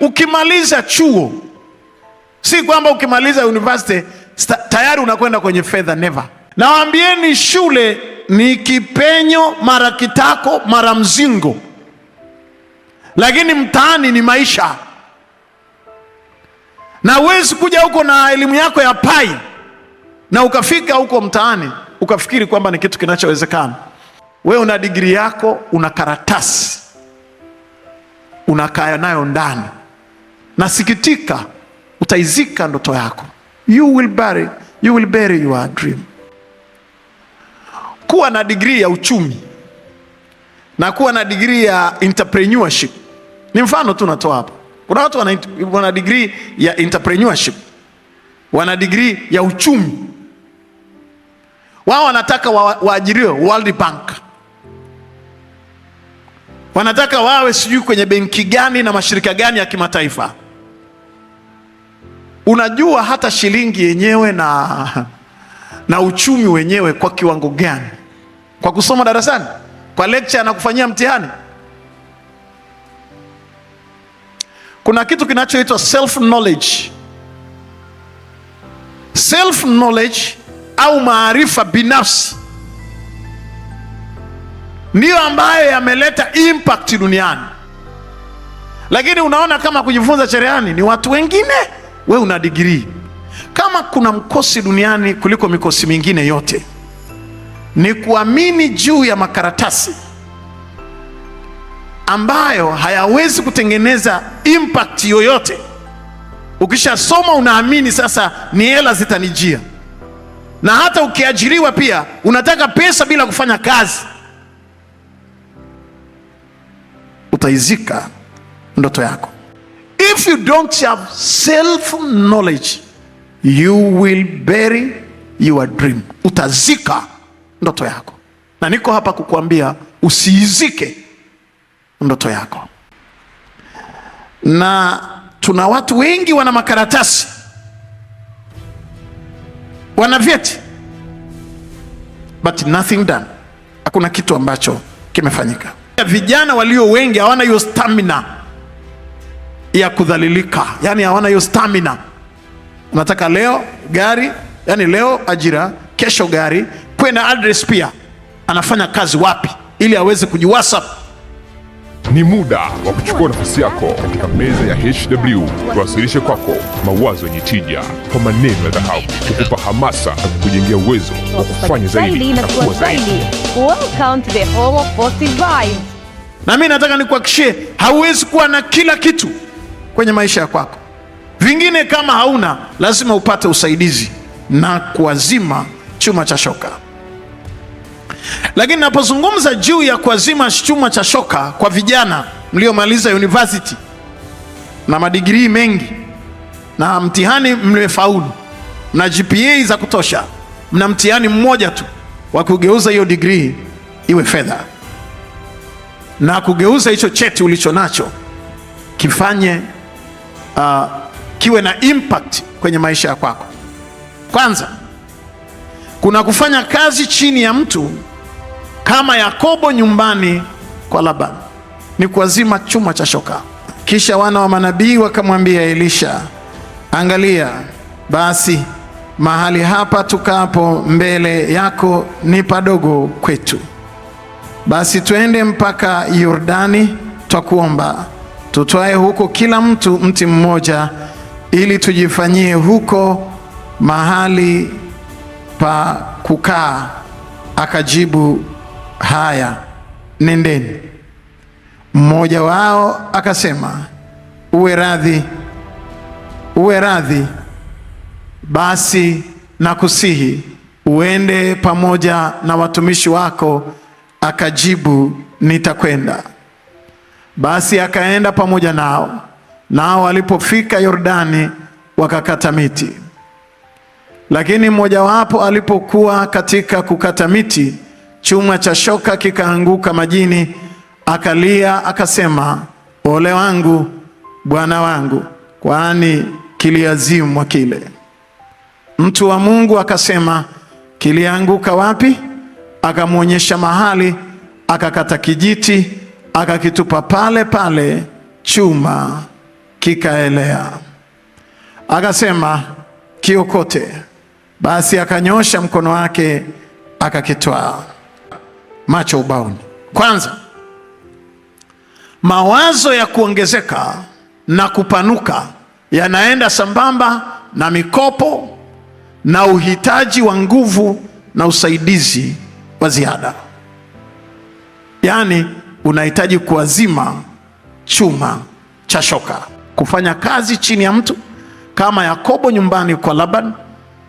Ukimaliza chuo, si kwamba ukimaliza university tayari unakwenda kwenye fedha, never. Nawaambieni, shule ni kipenyo, mara kitako, mara mzingo, lakini mtaani ni maisha, na huwezi kuja huko na elimu yako ya pai na ukafika huko mtaani ukafikiri kwamba ni kitu kinachowezekana. Wewe una digrii yako, una karatasi unakaa nayo ndani nasikitika, utaizika ndoto yako. You will bury, you will bury your dream. Kuwa na digrii ya uchumi na kuwa na digrii ya entrepreneurship ni mfano tu natoa hapa. Kuna watu wana, wana digrii ya entrepreneurship, wana digrii ya uchumi, wao wanataka waajiriwe wa World Bank wanataka wawe sijui kwenye benki gani na mashirika gani ya kimataifa. Unajua hata shilingi yenyewe na, na uchumi wenyewe kwa kiwango gani? Kwa kusoma darasani, kwa lecture na kufanyia mtihani. Kuna kitu kinachoitwa self knowledge. Self knowledge au maarifa binafsi ndiyo ambayo yameleta impact duniani, lakini unaona kama kujifunza cherehani ni watu wengine we una digrii Kama kuna mkosi duniani kuliko mikosi mingine yote ni kuamini juu ya makaratasi ambayo hayawezi kutengeneza impact yoyote. Ukishasoma unaamini sasa ni hela zitanijia, na hata ukiajiriwa pia unataka pesa bila kufanya kazi. Utaizika ndoto yako. If you don't have self knowledge, you will bury your dream, utazika ndoto yako. Na niko hapa kukuambia usiizike ndoto yako. Na tuna watu wengi wana makaratasi, wana vyeti, but nothing done, hakuna kitu ambacho kimefanyika. Vijana walio wengi hawana hiyo stamina ya kudhalilika, yani hawana hiyo stamina. Unataka leo gari, yani leo ajira, kesho gari, kuwe na address pia, anafanya kazi wapi, ili aweze kujiwasap ni muda wa kuchukua nafasi yako katika meza ya HW tuwasilishe kwako mawazo yenye tija kwa maneno ya dhahabu kukupa hamasa na kukujengea uwezo wa kufanya zaidi na kuwa zaidi. Welcome to the home of positive vibes. Na mimi nataka nikuhakikishie, hauwezi kuwa na kila kitu kwenye maisha ya kwako. Vingine kama hauna, lazima upate usaidizi na kuazima chuma cha shoka. Lakini napozungumza juu ya kuazima chuma cha shoka kwa vijana mliomaliza university na madigrii mengi na mtihani mmefaulu, mna GPA za kutosha, mna mtihani mmoja tu wa kugeuza hiyo digrii iwe fedha na kugeuza hicho cheti ulicho nacho kifanye uh, kiwe na impact kwenye maisha ya kwako. Kwanza kuna kufanya kazi chini ya mtu kama Yakobo nyumbani kwa Labani, ni kuwazima chuma cha shoka. Kisha wana wa manabii wakamwambia Elisha, angalia basi mahali hapa tukapo mbele yako ni padogo kwetu, basi twende mpaka Yordani twakuomba tutwae huko kila mtu mti mmoja, ili tujifanyie huko mahali pa kukaa. Akajibu, haya, nendeni. Mmoja wao akasema, uwe radhi, uwe radhi basi na kusihi uende pamoja na watumishi wako. Akajibu, nitakwenda. Basi akaenda pamoja nao, nao walipofika Yordani wakakata miti. Lakini mmojawapo alipokuwa katika kukata miti, chuma cha shoka kikaanguka majini, akalia akasema, ole wangu, bwana wangu, kwani kiliazimwa kile. Mtu wa Mungu akasema, kilianguka wapi? Akamwonyesha mahali, akakata kijiti akakitupa pale pale, chuma kikaelea. Akasema kiokote. Basi akanyosha mkono wake akakitwaa. Macho ubaoni. Kwanza, mawazo ya kuongezeka na kupanuka yanaenda sambamba na mikopo na uhitaji wa nguvu na usaidizi wa ziada, yaani unahitaji kuwazima chuma cha shoka, kufanya kazi chini ya mtu kama Yakobo nyumbani kwa Laban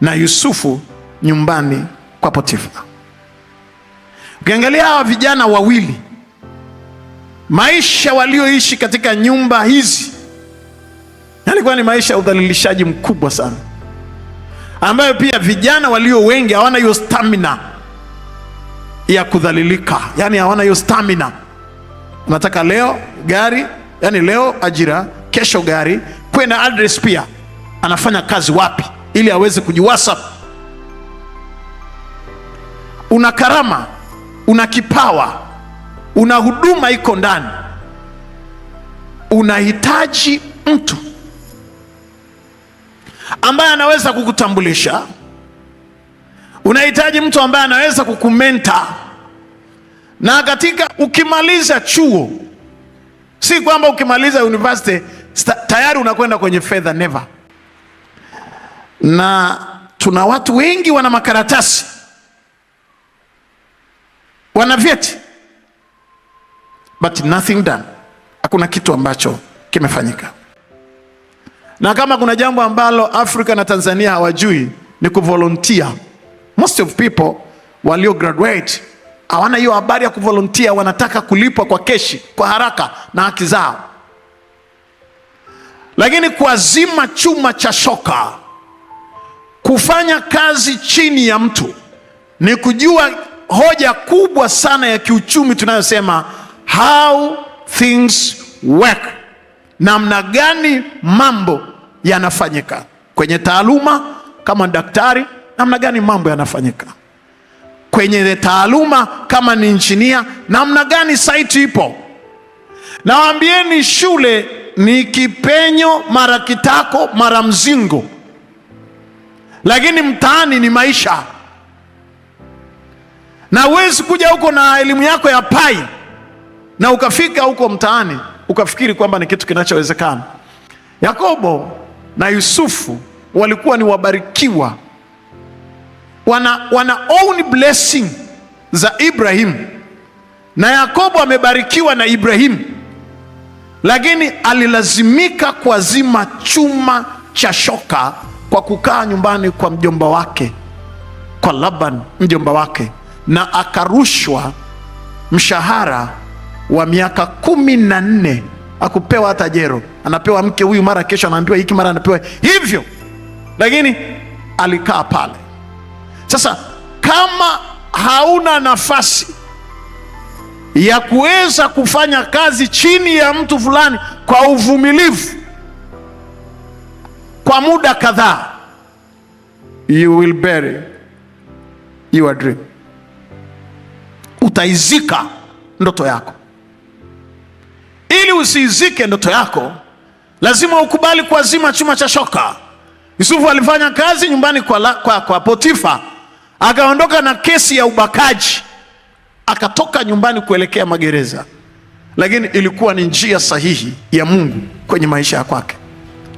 na Yusufu nyumbani kwa Potifa. Ukiangalia hawa vijana wawili, maisha walioishi katika nyumba hizi yalikuwa ni maisha ya udhalilishaji mkubwa sana, ambayo pia vijana walio wengi hawana hiyo stamina ya kudhalilika, yaani hawana hiyo stamina Nataka leo gari, yani leo ajira, kesho gari, kuwe na address pia, anafanya kazi wapi, ili aweze kujiwasap. Una karama, una kipawa, una huduma iko ndani, unahitaji mtu ambaye anaweza kukutambulisha, unahitaji mtu ambaye anaweza kukumenta na katika ukimaliza chuo, si kwamba ukimaliza university tayari unakwenda kwenye fedha, never. Na tuna watu wengi wana makaratasi, wana vyeti, but nothing done, hakuna kitu ambacho kimefanyika. Na kama kuna jambo ambalo Afrika na Tanzania hawajui ni kuvolunteer. Most of people walio graduate hawana hiyo habari ya kuvolontia, wanataka kulipwa kwa keshi, kwa haraka na haki zao. Lakini kuazima chuma cha shoka, kufanya kazi chini ya mtu, ni kujua hoja kubwa sana ya kiuchumi tunayosema how things work, namna gani mambo yanafanyika kwenye taaluma. Kama daktari, namna gani mambo yanafanyika kwenye taaluma kama ni injinia, namna gani saiti ipo. Nawaambieni, shule ni kipenyo, mara kitako, mara mzingo, lakini mtaani ni maisha, na huwezi kuja huko na elimu yako ya pai na ukafika huko mtaani ukafikiri kwamba ni kitu kinachowezekana. Yakobo na Yusufu walikuwa ni wabarikiwa wana, wana own blessing za Ibrahim na Yakobo amebarikiwa na Ibrahim, lakini alilazimika kuazima chuma cha shoka kwa kukaa nyumbani kwa mjomba wake, kwa Laban mjomba wake, na akarushwa mshahara wa miaka kumi na nne akupewa hata jero, anapewa mke huyu, mara kesho anaambiwa hiki, mara anapewa hivyo, lakini alikaa pale. Sasa kama hauna nafasi ya kuweza kufanya kazi chini ya mtu fulani kwa uvumilivu kwa muda kadhaa, you will bury your dream, utaizika ndoto yako. Ili usiizike ndoto yako, lazima ukubali kuazima chuma cha shoka. Yusufu alifanya kazi nyumbani kwa, la, kwa, kwa Potifa akaondoka na kesi ya ubakaji, akatoka nyumbani kuelekea magereza, lakini ilikuwa ni njia sahihi ya Mungu kwenye maisha ya kwake.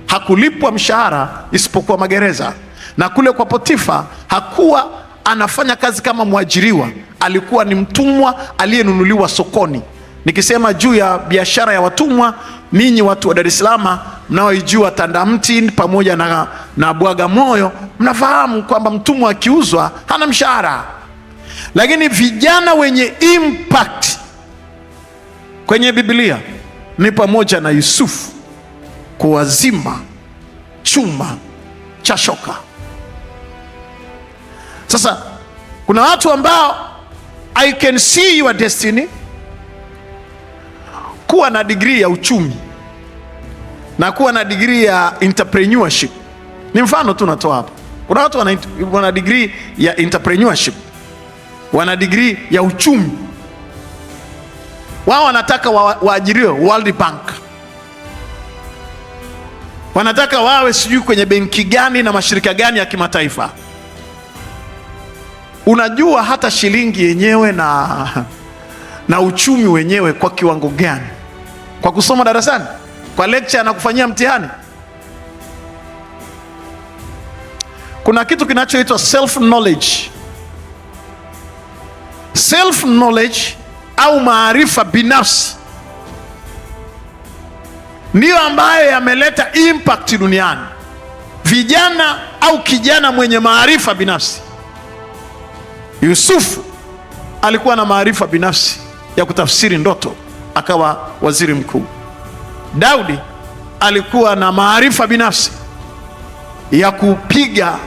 Hakulipwa mshahara isipokuwa magereza, na kule kwa Potifa hakuwa anafanya kazi kama mwajiriwa, alikuwa ni mtumwa aliyenunuliwa sokoni. Nikisema juu ya biashara ya watumwa, ninyi watu wa Dar es Salaam mnaoijua Tandamti pamoja na na moyo mnafahamu kwamba mtumwa akiuzwa hana mshahara, lakini vijana wenye impact kwenye Biblia ni pamoja na Yusufu kuwazima chuma cha shoka. Sasa kuna watu ambao I can see your destiny kuwa na digrii ya uchumi na kuwa na digrii ya entrepreneurship ni mfano tu natoa hapa. Kuna watu wana, wana degree ya entrepreneurship, wana degree ya uchumi, wao wanataka waajiriwe wa World Bank, wanataka wawe sijui kwenye benki gani na mashirika gani ya kimataifa. Unajua hata shilingi yenyewe na, na uchumi wenyewe kwa kiwango gani? Kwa kusoma darasani, kwa lecture na kufanyia mtihani kuna kitu kinachoitwa self knowledge. Self knowledge au maarifa binafsi ndiyo ambayo yameleta impact duniani. Vijana au kijana mwenye maarifa binafsi. Yusufu alikuwa na maarifa binafsi ya kutafsiri ndoto, akawa waziri mkuu. Daudi alikuwa na maarifa binafsi ya kupiga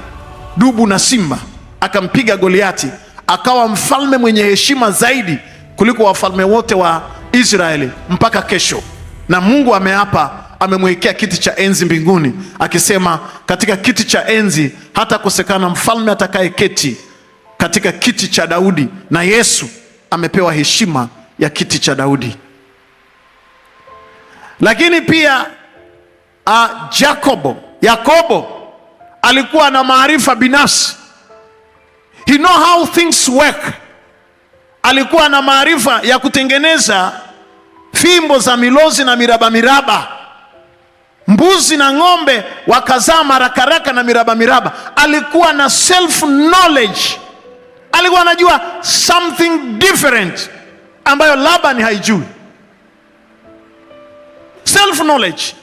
dubu na simba, akampiga Goliati, akawa mfalme mwenye heshima zaidi kuliko wafalme wote wa Israeli mpaka kesho. Na Mungu ameapa, amemwekea kiti cha enzi mbinguni, akisema katika kiti cha enzi hatakosekana mfalme atakayeketi katika kiti cha Daudi, na Yesu amepewa heshima ya kiti cha Daudi. Lakini pia a, ah, Jakobo Yakobo alikuwa na maarifa binafsi, he know how things work. Alikuwa na maarifa ya kutengeneza fimbo za milozi na miraba miraba, mbuzi na ng'ombe wakazaa marakaraka na miraba miraba. Alikuwa na self knowledge, alikuwa anajua something different ambayo Labani haijui, self knowledge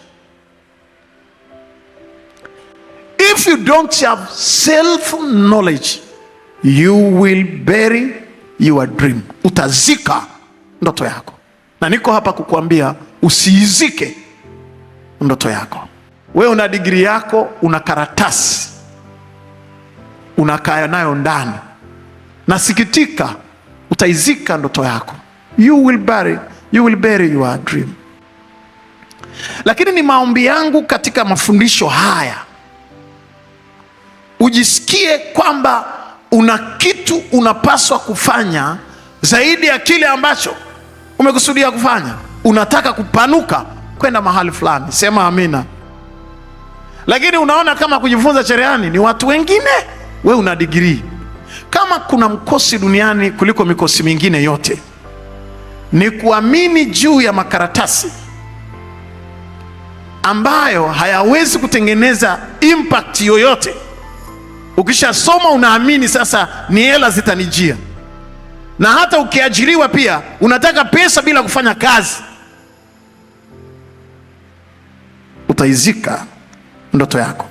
If you don't have self knowledge, you will bury your dream, utazika ndoto yako. Na niko hapa kukuambia usiizike ndoto yako. Wewe una digrii yako, una karatasi unakaa nayo ndani, nasikitika, utaizika ndoto yako. You will bury, you will bury your dream. Lakini ni maombi yangu katika mafundisho haya ujisikie kwamba una kitu unapaswa kufanya zaidi ya kile ambacho umekusudia kufanya. Unataka kupanuka kwenda mahali fulani, sema amina. Lakini unaona kama kujifunza cherehani ni watu wengine, we una digrii Kama kuna mkosi duniani kuliko mikosi mingine yote ni kuamini juu ya makaratasi ambayo hayawezi kutengeneza impact yoyote. Ukishasoma unaamini sasa ni hela zitanijia. Na hata ukiajiriwa pia unataka pesa bila kufanya kazi, utaizika ndoto yako.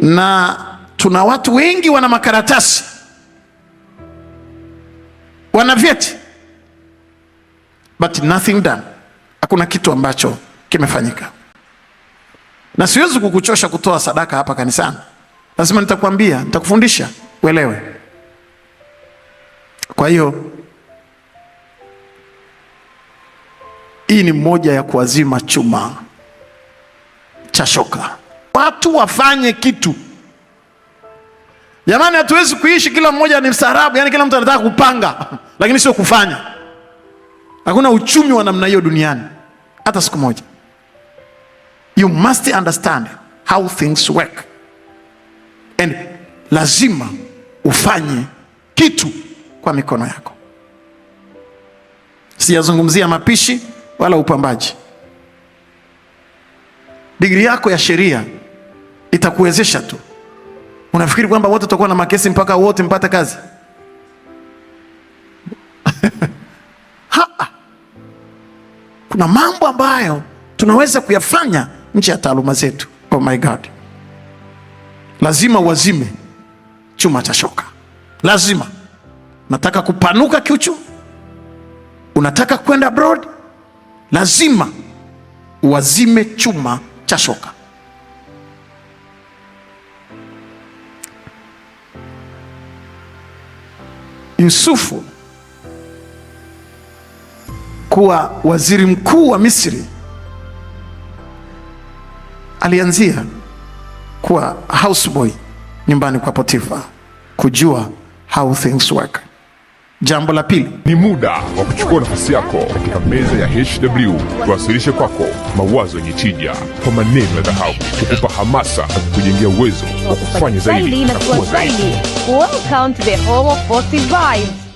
Na tuna watu wengi wana makaratasi, wana vyeti, but nothing done, hakuna kitu ambacho kimefanyika na siwezi kukuchosha kutoa sadaka hapa kanisani. Lazima nitakwambia, nitakufundisha uelewe. Kwa hiyo hii ni moja ya kuazima chuma cha shoka, watu wafanye kitu jamani. Hatuwezi kuishi kila mmoja ni msarabu, yani kila mtu anataka kupanga lakini sio kufanya. Hakuna uchumi wa namna hiyo duniani hata siku moja. You must understand how things work and lazima ufanye kitu kwa mikono yako. Siyazungumzia mapishi wala upambaji. digri yako ya sheria itakuwezesha tu. Unafikiri kwamba wote tutakuwa na makesi mpaka wote mpate kazi? kuna mambo ambayo tunaweza kuyafanya nje ya taaluma zetu. Oh my God, lazima wazime chuma cha shoka. Lazima nataka kupanuka kiuchumi, unataka kwenda abroad, lazima wazime chuma cha shoka. Yusufu kuwa waziri mkuu wa Misri alianzia kuwa houseboy nyumbani kwa Potifa, kujua how things work. Jambo la pili ni muda wa kuchukua nafasi yako katika meza ya HW, kuwasilisha kwako mawazo yenye tija kwa maneno ya dhahabu, kukupa hamasa na kukujengea uwezo wa kufanya zaidi na kuwa zaidi. Welcome to the home of positive vibes.